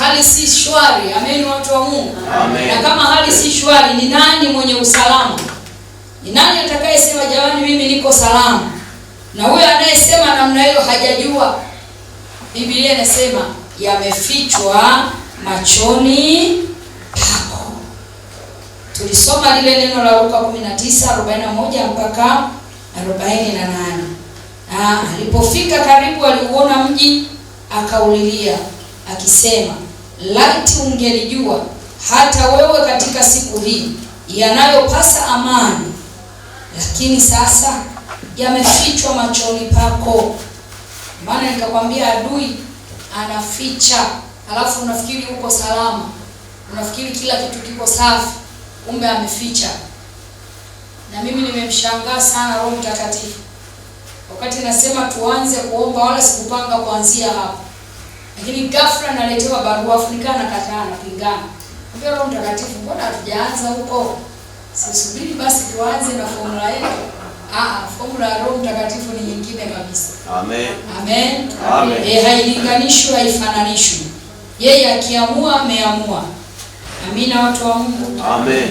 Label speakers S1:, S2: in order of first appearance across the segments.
S1: hali si shwari. Amen, watu wa Mungu. Amen. Na kama hali si shwari, ni nani mwenye usalama? Ni nani atakayesema jamani, mimi niko salama? Na huyo anayesema namna hiyo hajajua, Biblia inasema yamefichwa machoni pako. Tulisoma lile neno la Luka 19:41 mpaka 48. alipofika karibu, aliuona mji, akaulilia akisema, laiti ungelijua hata wewe katika siku hii yanayopasa amani, lakini sasa yamefichwa machoni pako. Maana nikakwambia adui anaficha, alafu unafikiri uko salama, unafikiri kila kitu kiko safi, kumbe ameficha. Na mimi nimemshangaa sana Roho Mtakatifu wakati nasema tuanze kuomba, wala sikupanga kuanzia hapo lakini ghafla naletewa barua Afrika na kataa na pingana. Kwa Roho Mtakatifu, mbona hatujaanza huko? Sisubiri basi tuanze na formula yetu. Ah, ah formula ya Roho Mtakatifu ni nyingine kabisa.
S2: Amen. Amen.
S1: Amen. Eh, hailinganishwi, haifananishwi. Yeye akiamua ameamua. Amina watu wa Mungu. Amen.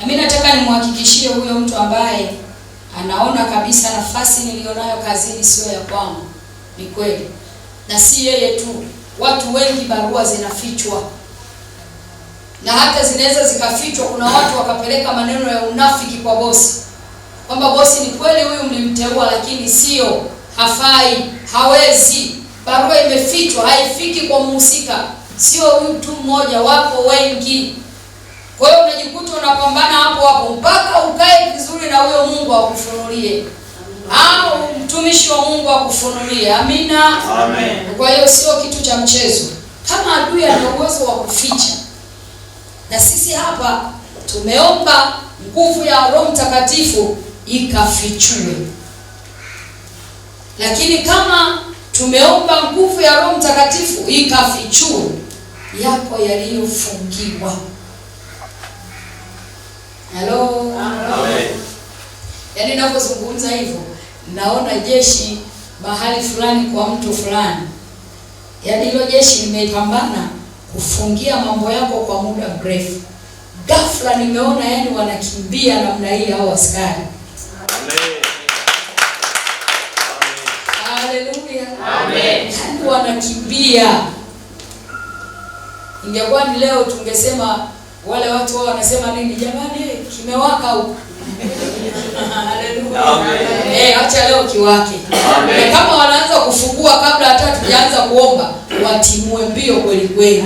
S1: Na mimi nataka nimhakikishie huyo mtu ambaye anaona kabisa nafasi niliyonayo kazini sio ya kwangu. Ni kweli na si yeye tu, watu wengi barua zinafichwa na hata zinaweza zikafichwa. Kuna watu wakapeleka maneno ya unafiki kwa bosi kwamba bosi, ni kweli huyu mlimteua, lakini sio, hafai, hawezi. Barua imefichwa, haifiki kwa mhusika, sio huyu mmoja, wapo wengi. Kwa hiyo unajikuta unapambana hapo hapo mpaka ukae vizuri na huyo Mungu akufunulie au mtumishi wa Mungu akufunulie. Amina, amen. Kwa hiyo sio kitu cha mchezo. Kama adui ana uwezo wa kuficha, na sisi hapa tumeomba nguvu ya Roho Mtakatifu ikafichue, lakini kama tumeomba nguvu ya Roho Mtakatifu ikafichue, yako yaliyofungiwa. Halo, yaani ninapozungumza hivyo naona jeshi mahali fulani kwa mtu fulani, yaani hilo jeshi limepambana kufungia mambo yako kwa muda mrefu. Ghafla nimeona yani wanakimbia namna hii hao askari. Haleluya, yaani wanakimbia. Ingekuwa ni leo tungesema wale watu wao wanasema nini, jamani, kimewaka huko Eh, acha leo kiwake, na kama wanaanza kufungua kabla hata tujaanza kuomba, watimue mbio kweli kweli.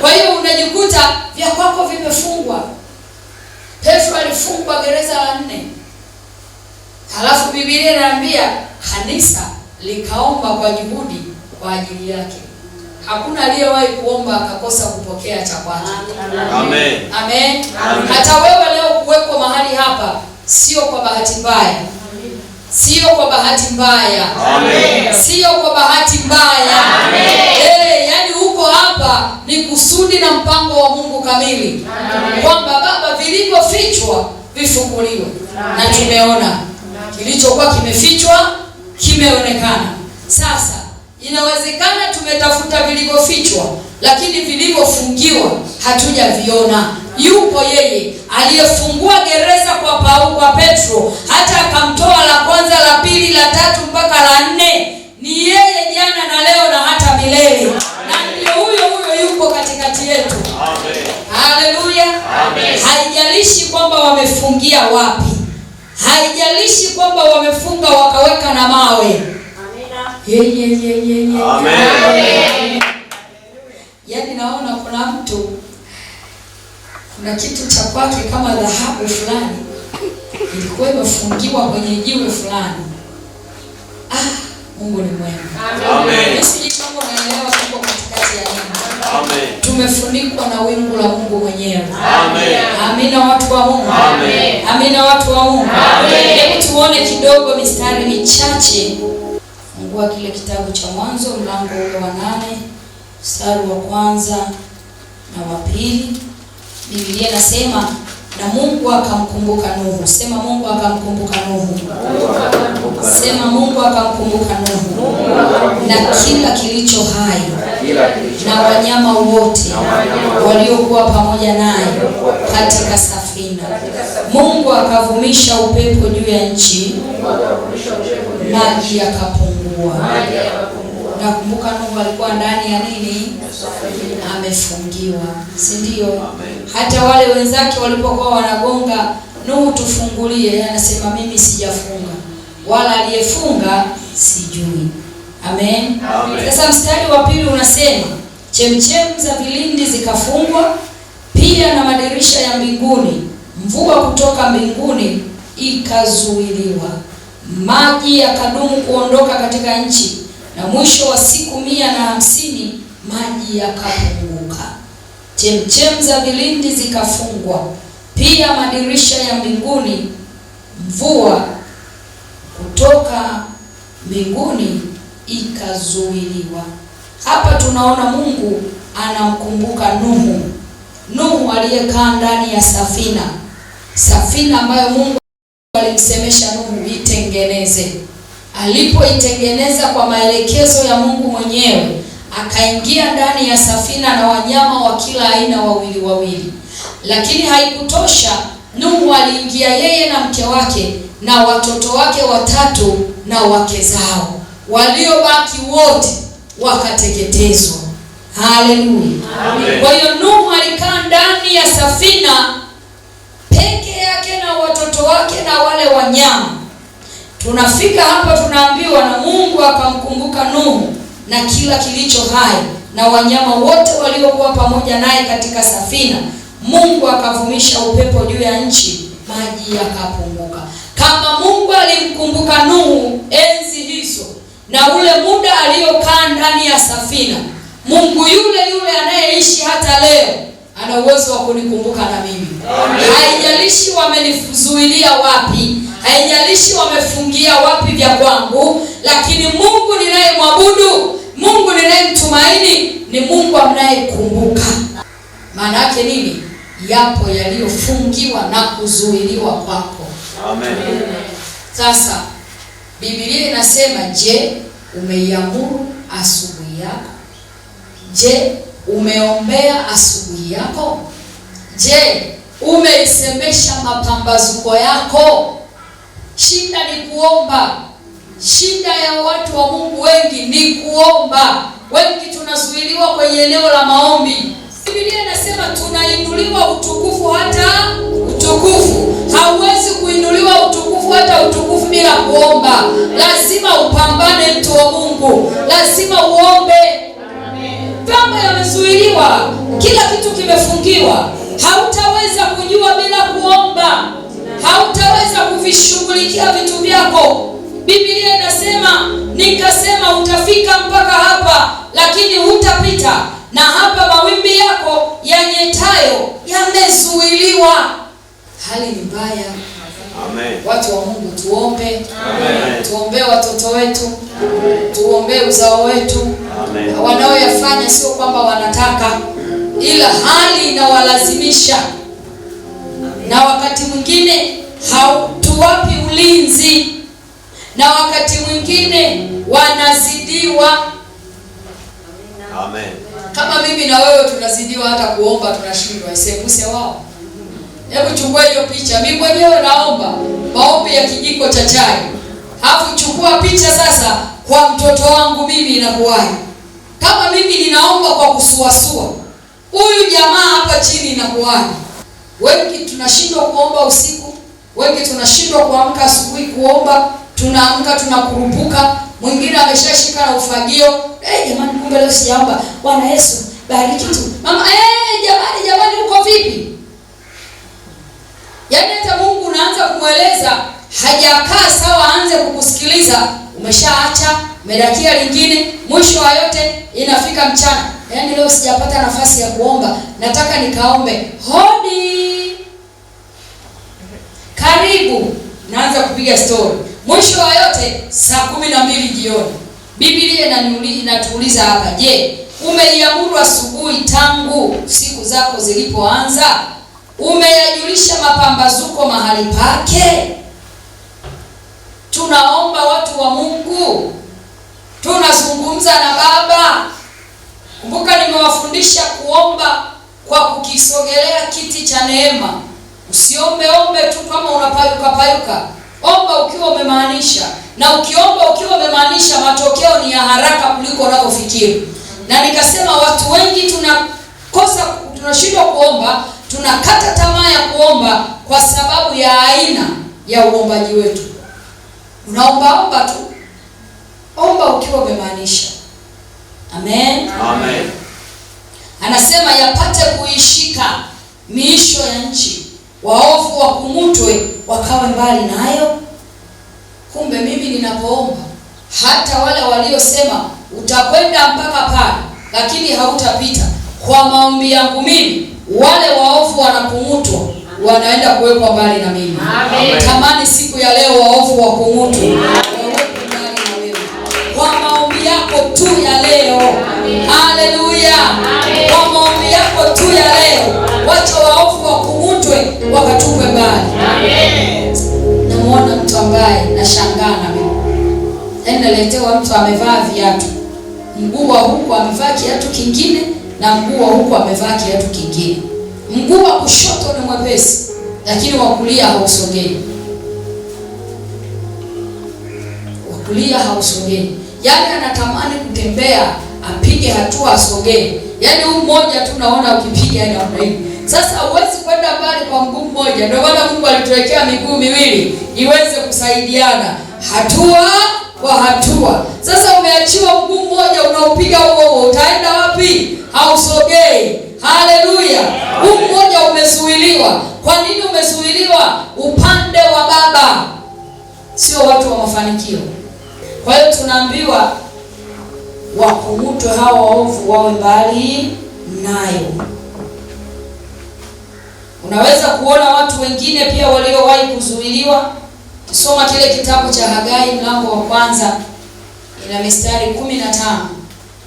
S1: Kwa hiyo unajikuta vya kwako vimefungwa. Petro alifungwa gereza la nne, halafu Biblia inaambia kanisa likaomba kwa juhudi kwa ajili yake. Hakuna aliyewahi kuomba akakosa kupokea cha kwake. Amen. Amen. Hata wewe leo kuwekwa mahali hapa sio kwa bahati mbaya. Sio kwa bahati mbaya. Amen. Sio kwa bahati mbaya. Amen. Hey, yani uko hapa ni kusudi na mpango wa Mungu kamili. Kwamba Baba, vilivyofichwa vifunguliwe Na tumeona kilichokuwa kimefichwa kimeonekana. Sasa Inawezekana tumetafuta vilivyofichwa, lakini vilivyofungiwa hatujaviona. Yupo yeye aliyefungua gereza kwa Paulo, kwa Petro, hata akamtoa la kwanza, la pili, la tatu mpaka la nne. Ni yeye jana na leo na hata milele, na ndio huyo huyo yupo katikati yetu. Haleluya! Haijalishi kwamba wamefungia wapi, haijalishi kwamba wamefunga wakaweka na mawe yeye yeye yeye. Amen. Yaani naona kuna mtu kuna kitu cha kwake kama dhahabu fulani ilikuwa imefungiwa kwenye jiwe fulani. Ah, Mungu ni mwema. Amen. Sijui kama unaelewa tuko katikati ya nini. Amen. Tumefunikwa na wingu la Mungu mwenyewe. Amen. Amina watu wa Mungu. Amen. Amina watu wa Mungu. Amen. Hebu tuone kidogo mistari michache kufungua kile kitabu cha Mwanzo mlango ule wa nane mstari wa kwanza na wa pili, Biblia inasema na Mungu akamkumbuka Nuhu. Sema Mungu akamkumbuka Nuhu. Sema Mungu akamkumbuka Nuhu na kila kilicho hai na wanyama wote waliokuwa pamoja naye katika safina. Mungu akavumisha upepo juu ya nchi, maji yakapungua wapungua. Nakumbuka Nuhu alikuwa ndani ya nini? Amefungiwa, si ndio? Hata wale wenzake walipokuwa wanagonga, Nuhu, tufungulie, anasema mimi sijafunga, wala aliyefunga sijui. Amen, Sasa mstari wa pili unasema chemchemu za vilindi zikafungwa pia na madirisha ya mbinguni, mvua kutoka mbinguni ikazuiliwa maji yakadumu kuondoka katika nchi, na mwisho wa siku mia na hamsini maji yakapunguka, chemchem za vilindi zikafungwa, pia madirisha ya mbinguni. Mvua kutoka mbinguni ikazuiliwa. Hapa tunaona Mungu anamkumbuka Nuhu, Nuhu aliyekaa ndani ya safina, safina ambayo Mungu alimsemesha Nuhu aitengeneze. Alipoitengeneza kwa maelekezo ya Mungu mwenyewe, akaingia ndani ya safina na wanyama wa kila aina wawili wawili. Lakini haikutosha, Nuhu aliingia yeye na mke wake na watoto wake watatu na wake zao, waliobaki wote wakateketezwa. Haleluya! Kwa hiyo Nuhu alikaa ndani ya safina peke yake na watoto wake na wale wanyama Tunafika hapo tunaambiwa na Mungu akamkumbuka Nuhu na kila kilicho hai na wanyama wote waliokuwa pamoja naye katika safina. Mungu akavumisha upepo juu ya nchi, maji yakapunguka. Kama Mungu alimkumbuka Nuhu enzi hizo na ule muda aliyokaa ndani ya safina, Mungu yule yule anayeishi hata leo ana uwezo wa kunikumbuka na mimi, haijalishi wamenifuzuilia wapi haijalishi wamefungia wapi vya kwangu, lakini Mungu ninayemwabudu, Mungu ninayemtumaini ni Mungu anayekumbuka Maana yake nini? Yapo yaliyofungiwa na kuzuiliwa kwako. Amen. Sasa Biblia inasema, je, umeiamuru asubuhi yako? Je, umeombea asubuhi yako? Je, umeisemesha mapambazuko yako? Shida ni kuomba. Shida ya watu wa Mungu wengi ni kuomba. Wengi tunazuiliwa kwenye eneo la maombi. Biblia inasema tunainuliwa utukufu hata utukufu. Hauwezi kuinuliwa utukufu hata utukufu bila kuomba. Lazima upambane, mtu wa Mungu, lazima uombe. Mambo yamezuiliwa, kila kitu kimefungiwa, hautaweza kujua bila kuomba hautaweza kuvishughulikia vitu vyako. Biblia inasema nikasema, utafika mpaka hapa, lakini hutapita, na hapa mawimbi yako yanyetayo yamezuiliwa. Hali ni mbaya. Watu wa Mungu tuombe. Tuombee watoto wetu, tuombee uzao wetu. Wanaoyafanya sio kwamba wanataka, ila hali inawalazimisha na wakati mwingine hautuwapi ulinzi, na wakati mwingine wanazidiwa. Amen. Kama mimi na wewe tunazidiwa, hata kuomba tunashindwa, isembuse wao. Hebu chukua hiyo picha, mimi mwenyewe naomba maombi ya kijiko cha chai, halafu chukua picha sasa kwa mtoto wangu mimi, inakuwaje? Kama mimi ninaomba kwa kusuasua, huyu jamaa hapa chini inakuwaje? Wengi tunashindwa kuomba usiku, wengi tunashindwa kuamka asubuhi kuomba, tunaamka tunakurupuka. Mwingine ameshashika na ufagio, eh, jamani, kumbe leo sijaomba. Bwana Yesu bariki tu mama, eh, jamani, jamani, uko vipi? Yaani hata Mungu unaanza kumweleza, hajakaa sawa, aanze kukusikiliza, umeshaacha, umedakia lingine. Mwisho wa yote inafika mchana Yaani leo sijapata nafasi ya kuomba, nataka nikaombe. Hodi, karibu, naanza kupiga story. Mwisho wa yote saa kumi na mbili jioni. Biblia inaniuli inatuuliza hapa, je, umeiamuru asubuhi tangu siku zako zilipoanza? Umeyajulisha mapambazuko mahali pake? Tunaomba watu wa Mungu, tunazungumza na Baba Kumbuka nimewafundisha kuomba kwa kukisogelea kiti cha neema. Usiombeombe tu kama unapayuka payuka, omba ukiwa umemaanisha, na ukiomba ukiwa umemaanisha, matokeo ni ya haraka kuliko unavyofikiri. Na nikasema watu wengi tunakosa, tunashindwa kuomba, tunakata tamaa ya kuomba kwa sababu ya aina ya uombaji wetu. Unaombaomba tu, omba ukiwa umemaanisha. Amen. Amen. Anasema yapate kuishika miisho ya nchi, waovu wakumutwe, wakawe mbali nayo. Kumbe mimi ninapoomba, hata wale waliosema utakwenda mpaka pale, lakini hautapita, kwa maombi yangu mimi, wale waovu wanakumutwa wanaenda kuwekwa mbali na mimi. Amen. Tamani siku ya leo waovu wakung'utwe tu ya leo. Haleluya! Kwa maombi yako tu ya leo, wacha waofu wakung'utwe, wakatupwe mbali. Namwona mtu ambaye nashangaa na mimi, yaani naletewa mtu amevaa viatu, mguu wa huku amevaa kiatu kingine, na mguu wa huku amevaa kiatu kingine. Mguu wa kushoto ni mwepesi, lakini wa kulia hausogei, wa kulia hausogei yaani anatamani kutembea, apige hatua, asogee. Yaani huu mmoja tu naona ukipiga namna hii. Sasa huwezi kwenda mbali kwa mguu mmoja, ndio maana Mungu alituwekea miguu miwili iweze kusaidiana hatua kwa hatua. Sasa umeachiwa mguu mmoja unaopiga huo huo, utaenda wapi? Hausogei. Haleluya! Huu mmoja umezuiliwa. Kwa nini umezuiliwa? Upande wa baba, sio watu wa mafanikio. Kwa hiyo tunaambiwa wakumutwe hawa waovu, wawe mbali nayo. Unaweza kuona watu wengine pia waliowahi kuzuiliwa. Kisoma kile kitabu cha Hagai mlango wa kwanza ina mistari kumi na tano.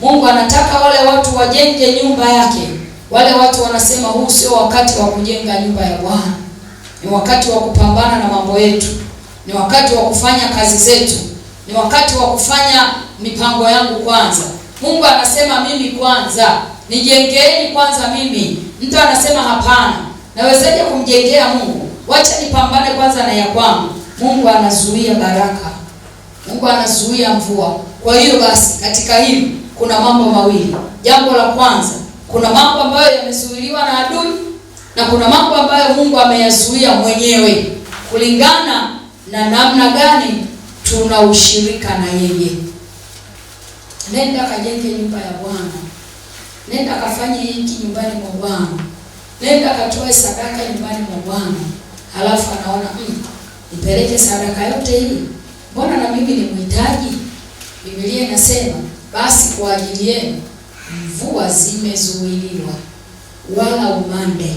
S1: Mungu anataka wale watu wajenge nyumba yake. Wale watu wanasema huu sio wakati wa kujenga nyumba ya Bwana, ni wakati wa kupambana na mambo yetu, ni wakati wa kufanya kazi zetu, ni wakati wa kufanya mipango yangu kwanza. Mungu anasema mimi kwanza, nijengeeni kwanza mimi. Mtu anasema hapana, nawezaje kumjengea Mungu? Wacha nipambane kwanza na ya kwangu. Mungu anazuia baraka, Mungu anazuia mvua. Kwa hiyo basi, katika hili kuna mambo mawili. Jambo la kwanza, kuna mambo ambayo yamezuiliwa na adui na kuna mambo ambayo Mungu ameyazuia mwenyewe, kulingana na namna gani tuna ushirika na yeye. Nenda kajenge nyumba ya Bwana, nenda kafanye hiki nyumbani mwa Bwana, nenda katoe sadaka nyumbani mwa Bwana. Halafu anaona mm, nipeleke sadaka yote hii, mbona na mimi ni mhitaji? Biblia inasema basi kwa ajili yenu mvua zimezuiliwa wala umande.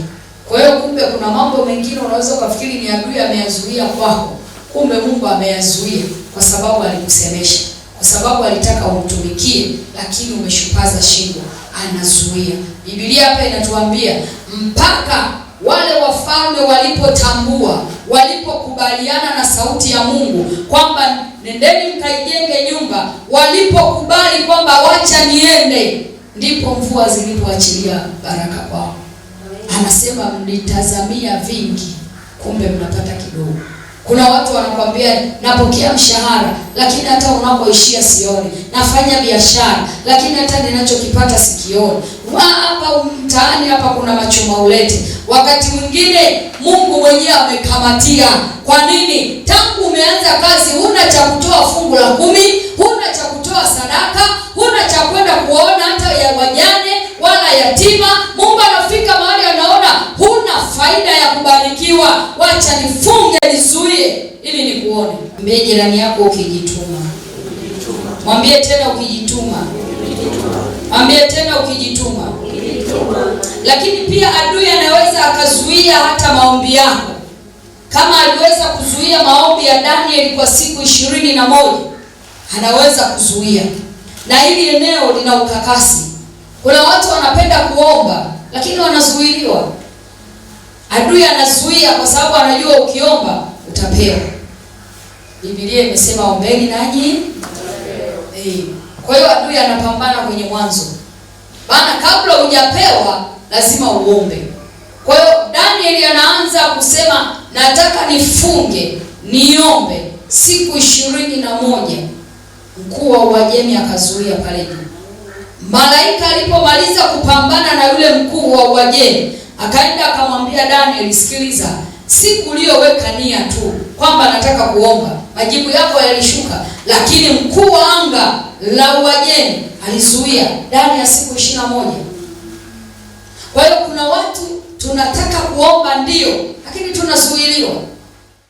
S1: Kwa hiyo kumbe, kuna mambo mengine unaweza ukafikiri ni adui ameyazuia kwako, kumbe Mungu ameyazuia kwa sababu alikusemesha, kwa sababu alitaka umtumikie, lakini umeshupaza shingo, anazuia. Biblia hapa inatuambia mpaka wale wafalme walipotambua, walipokubaliana na sauti ya Mungu kwamba nendeni mkaijenge nyumba, walipokubali kwamba wacha niende, ndipo mvua zilipoachilia baraka kwao. Anasema mlitazamia vingi, kumbe mnapata kidogo. Kuna watu wanakwambia napokea mshahara, lakini hata unapoishia sioni. Nafanya biashara, lakini hata ninachokipata sikioni. Hapa mtaani hapa kuna machuma ulete. Wakati mwingine Mungu mwenyewe amekamatia. Kwa nini? Tangu umeanza kazi huna cha kutoa fungu la kumi, huna cha kutoa sadaka, huna cha kwenda kuona hata ya wajane wala yatima. nimefanikiwa, wacha nifunge, nizuie ili nikuone. Mwambie jirani yako ukijituma, mwambie tena ukijituma, mwambie tena ukijituma. Lakini pia adui anaweza akazuia hata maombi yako, kama aliweza kuzuia maombi ya Danieli kwa siku ishirini na moja anaweza kuzuia. Na hili eneo lina ukakasi, kuna watu wanapenda kuomba lakini wanazuiliwa Adui anazuia kwa sababu anajua ukiomba utapewa. Biblia imesema ombeni nanyi hey. Kwa hiyo adui anapambana kwenye mwanzo, maana kabla hujapewa lazima uombe. Kwa hiyo Danieli anaanza kusema nataka nifunge niombe siku ishirini na moja. Mkuu wa Uajemi akazuia pale juu. Malaika alipomaliza kupambana na yule mkuu wa Uajemi Akaenda akamwambia Daniel, sikiliza, siku uliyoweka nia tu kwamba nataka kuomba, majibu yako yalishuka, lakini mkuu wa anga la Uajemi alizuia ndani ya siku ishirini na moja. Kwa hiyo kuna watu tunataka kuomba ndio, lakini tunazuiliwa.